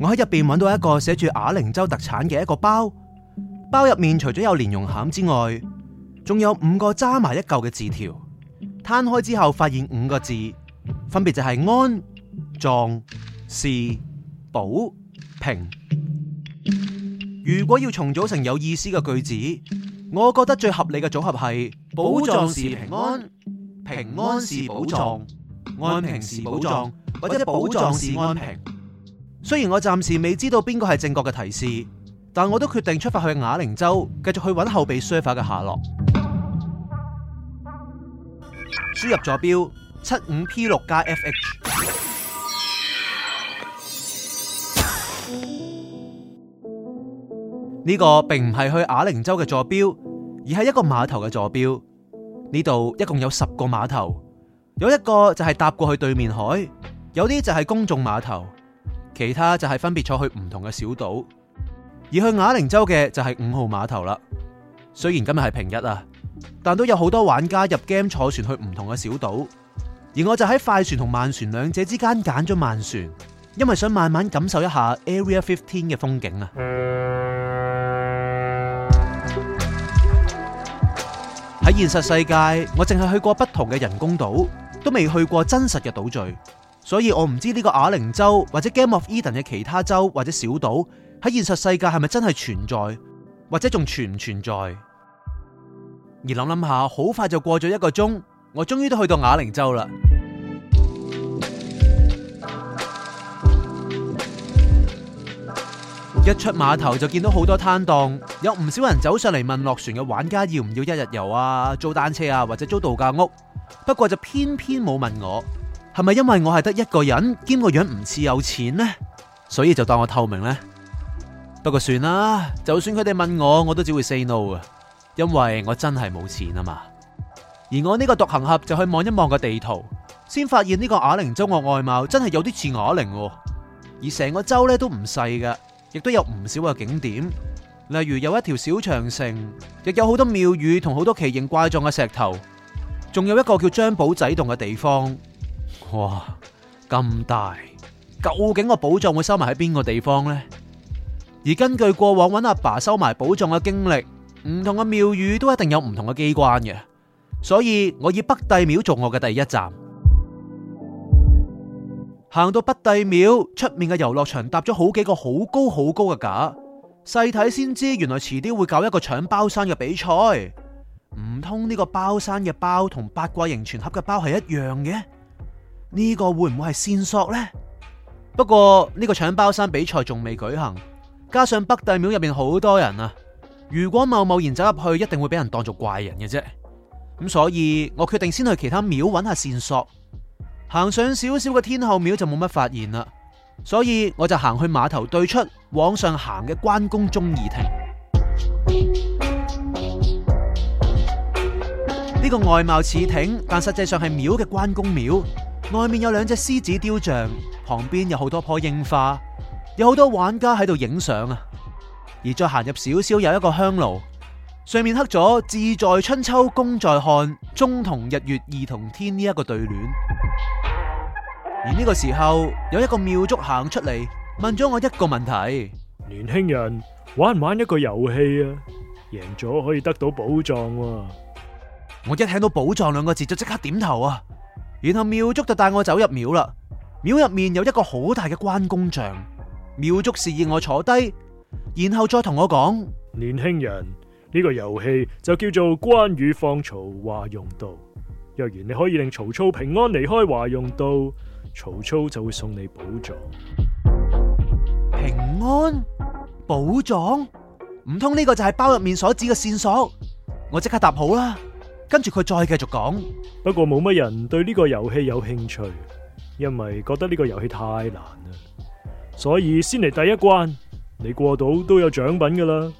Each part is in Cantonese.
我喺入邊揾到一個寫住啞鈴洲特產嘅一個包，包入面除咗有蓮蓉餡之外，仲有五個揸埋一嚿嘅字條。攤開之後發現五個字，分別就係安、藏、是、寶、平。如果要重組成有意思嘅句子，我覺得最合理嘅組合係：寶藏是平安，平安是寶藏，安平是寶藏，或者寶藏是安平。雖然我暫時未知道邊個係正確嘅提示，但我都決定出發去啞鈴洲，繼續去揾後備 server 嘅下落。輸入坐標七五 P 六加 FH 呢、這個並唔係去啞鈴洲嘅坐標，而係一個碼頭嘅坐標。呢度一共有十個碼頭，有一個就係搭過去對面海，有啲就係公眾碼頭。其他就係分別坐去唔同嘅小島，而去啞鈴洲嘅就係五號碼頭啦。雖然今日係平日啊，但都有好多玩家入 game 坐船去唔同嘅小島，而我就喺快船同慢船兩者之間揀咗慢船，因為想慢慢感受一下 Area Fifteen 嘅風景啊。喺 現實世界，我淨係去過不同嘅人工島，都未去過真實嘅島嶼。所以我唔知呢個啞鈴洲或者 Game of Eden 嘅其他洲或者小島喺現實世界係咪真係存在，或者仲存唔存在？而諗諗下，好快就過咗一個鐘，我終於都去到啞鈴洲啦。一出碼頭就見到好多攤檔，有唔少人走上嚟問落船嘅玩家要唔要一日遊啊，租單車啊，或者租度假屋。不過就偏偏冇問我。係咪因為我係得一個人兼個樣唔似有錢呢？所以就當我透明呢？不過算啦，就算佢哋問我，我都只會 say no 啊，因為我真係冇錢啊嘛。而我呢個獨行俠就去望一望個地圖，先發現呢個啞鈴洲個外貌真係有啲似啞鈴，而成個洲呢都唔細嘅，亦都有唔少嘅景點，例如有一條小長城，亦有好多廟宇同好多奇形怪狀嘅石頭，仲有一個叫張保仔洞嘅地方。哇，咁大，究竟個寶藏會收埋喺邊個地方呢？而根據過往揾阿爸收埋寶藏嘅經歷，唔同嘅廟宇都一定有唔同嘅機關嘅，所以我以北帝廟做我嘅第一站。 行到北帝廟出面嘅遊樂場，搭咗好幾個好高好高嘅架，細睇先知原來遲啲會搞一個搶包山嘅比賽，唔通呢個包山嘅包同八卦型全盒嘅包係一樣嘅？呢個會唔會係線索呢？不過呢個搶包山比賽仲未舉行，加上北帝廟入面好多人啊，如果貿貿然走入去，一定會俾人當做怪人嘅啫。咁所以我決定先去其他廟揾下線索。行上少少嘅天后廟就冇乜發現啦，所以我就行去碼頭對出往上行嘅關公忠義亭。呢、呢個外貌似亭，但實際上係廟嘅關公廟。外面有兩隻獅子雕像，旁邊有好多棵櫻花，有好多玩家喺度影相啊！而再行入少少，有一個香爐，上面刻咗“志在春秋，功在漢；忠同日月，義同天”呢、這、一個對聯。而呢個時候，有一個廟祝行出嚟，問咗我一個問題：年輕人玩唔玩一個遊戲啊？贏咗可以得到寶藏、啊。我一聽到寶藏兩個字，就即刻點頭啊！然後廟祝就帶我走入廟啦，廟入面有一個好大嘅關公像。廟祝示意我坐低，然後再同我講：年輕人，呢、這個遊戲就叫做關羽放曹華容道。若然你可以令曹操平安離開華容道，曹操就會送你寶藏。平安，寶藏？唔通呢個就係包入面所指嘅線索？我即刻答好啦。跟住佢再繼續講，不過冇乜人對呢個遊戲有興趣，因為覺得呢個遊戲太難啦。所以先嚟第一關，你過到都有獎品噶啦。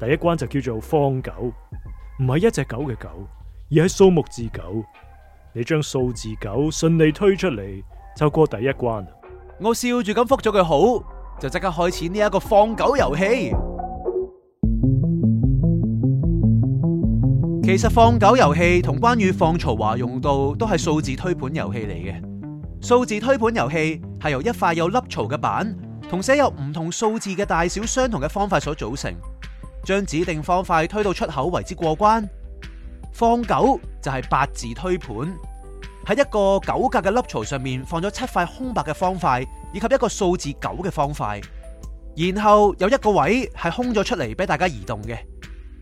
第一關就叫做放9，唔係一隻狗嘅狗，而係數目字9。你將數字9順利推出嚟，就過第一關。我笑住咁複咗佢好，就即刻開始呢一個放9遊戲。其實放九遊戲同關羽放曹華容道都係數字推盤遊戲嚟嘅。數字推盤遊戲係由一塊有凹槽嘅板同寫有唔同數字嘅大小相同嘅方塊所組成，將指定方塊推到出口為之過關。放九就係八字推盤，喺一個九格嘅凹槽上面放咗七塊空白嘅方塊以及一個數字九嘅方塊，然後有一個位係空咗出嚟俾大家移動嘅。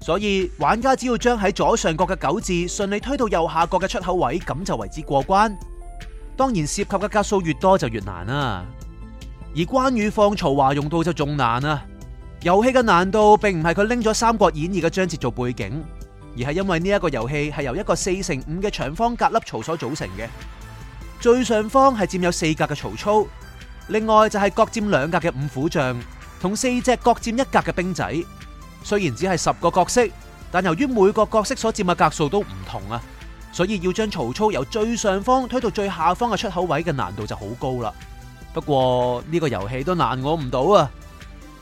所以玩家只要將喺左上角嘅九字順利推到右下角嘅出口位，咁就為之過關。當然，涉及嘅格數越多就越難啦。而關羽放曹華容道就仲難啦。遊戲嘅難度並唔係佢拎咗《三國演義》嘅章節做背景，而係因為呢一個遊戲係由一個四乘五嘅長方格凹槽所組成嘅。最上方係佔有四格嘅曹操，另外就係各佔兩格嘅五虎將同四隻各佔一格嘅兵仔。雖然只係十個角色，但由於每個角色所佔嘅格數都唔同啊，所以要將曹操由最上方推到最下方嘅出口位嘅難度就好高啦。不過呢個遊戲都難我唔到啊，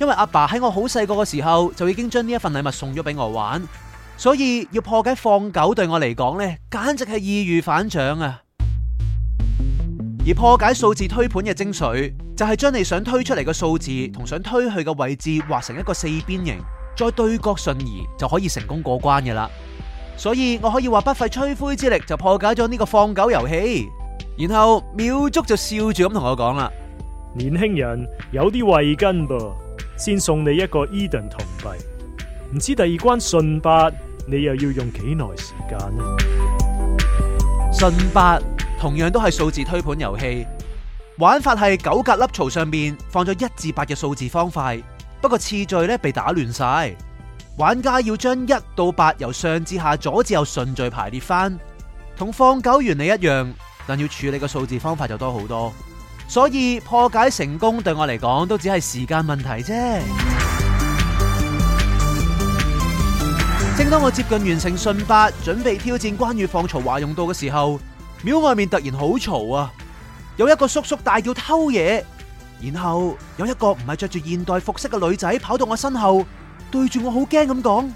因為阿爸喺我好細個嘅時候就已經將呢一份禮物送咗俾我玩，所以要破解放9對我嚟講呢，簡直係易如反掌啊。而破解數字推盤嘅精髓，就係將你想推出嚟嘅數字同想推去嘅位置畫成一個四邊形。再對角順移就可以成功過關嘅啦，所以我可以話不費吹灰之力就破解咗呢個放9遊戲。然後廟祝就笑住咁同我講啦：年輕人有啲慧根噃，先送你一個 Eden 銅幣。唔知第二關順八你又要用幾耐時間呢？順八同樣都係數字推盤遊戲，玩法係九格凹槽上面放咗一至八嘅數字方塊。不過次序咧，被打亂晒，玩家要將一到八由上至下、左至右順序排列翻，同放九原理一樣，但要處理嘅數字方法就多好多，所以破解成功對我嚟講都只係時間問題啫。 正當我接近完成順八，準備挑戰關羽放曹華容道嘅時候，廟外面突然好嘈啊！有一個叔叔大叫偷嘢。然後有一個唔係着住現代服飾嘅女仔跑到我身後，對住我好驚咁講：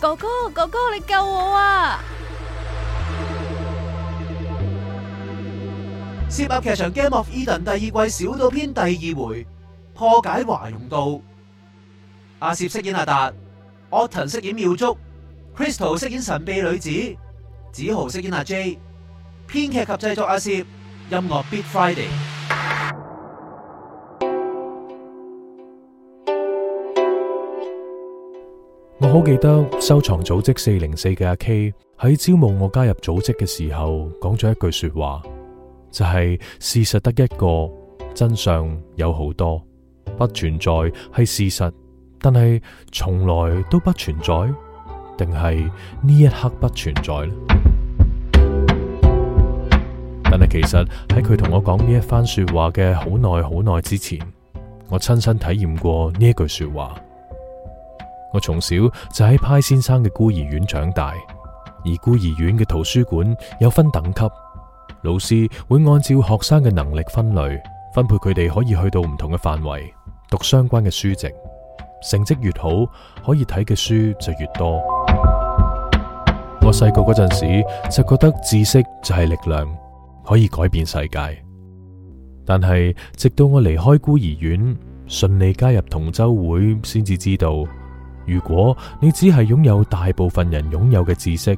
哥哥，哥哥，你救我啊！Zip 噏劇場《Game of Eden》第二季小島篇第二回，破解華容道。阿 Zip 飾演阿達，阿騰飾演妙竹，Crystal 飾演神秘女子，子豪飾演阿 J。編劇及製作阿 Zip，音樂 Big Friday。我好記得收藏組織四零四嘅阿 K 喺招募我加入組織嘅時候講咗一句說話，就係事實得一個，真相有好多，不存在係事實，但係從來都不存在，定係呢一刻不存在呢？但係其實喺佢同我講呢一番說話嘅好耐好耐之前，我親身體驗過呢一句說話。我從小就喺派先生嘅孤兒院長大，而孤兒院嘅圖書館有分等級，老師會按照學生嘅能力分類，分配佢哋可以去到唔同嘅範圍讀相關嘅書籍。成績越好，可以睇嘅書就越多。我細個嗰陣時就覺得知識就係力量，可以改變世界。但係直到我離開孤兒院，順利加入同州會，先至知道。如果你只係擁有大部分人擁有嘅知識，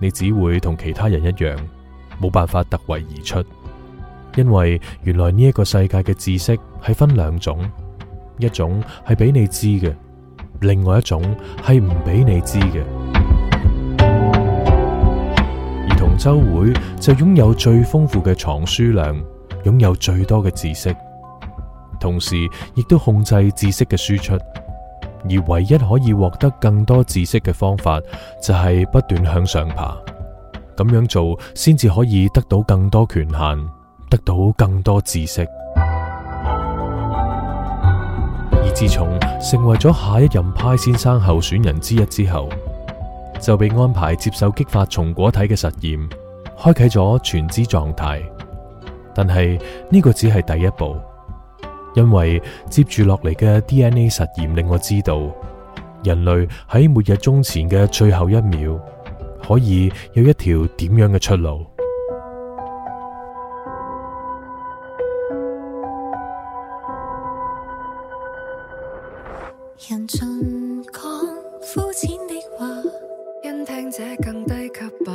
你只會同其他人一樣，冇辦法突圍而出。因為原來呢一個世界嘅知識係分兩種，一種係俾你知嘅，另外一種係唔俾你知嘅。而同洲會就擁有最豐富嘅藏書量，擁有最多嘅知識，同時亦都控制知識嘅輸出。而唯一可以獲得更多知識嘅方法，就係不斷向上爬。咁樣做，先至可以得到更多權限，得到更多知識。而自從成為咗下一任派先生候選人之一之後，就被安排接受激發松果體嘅實驗，開啟咗全知狀態。但係呢個只係第一步。因為接住落嚟嘅 DNA 實驗令我知道，人類喺末日終前嘅最後一秒，可以有一條點樣嘅出路？人盡講膚淺的話，因聽者更低級吧？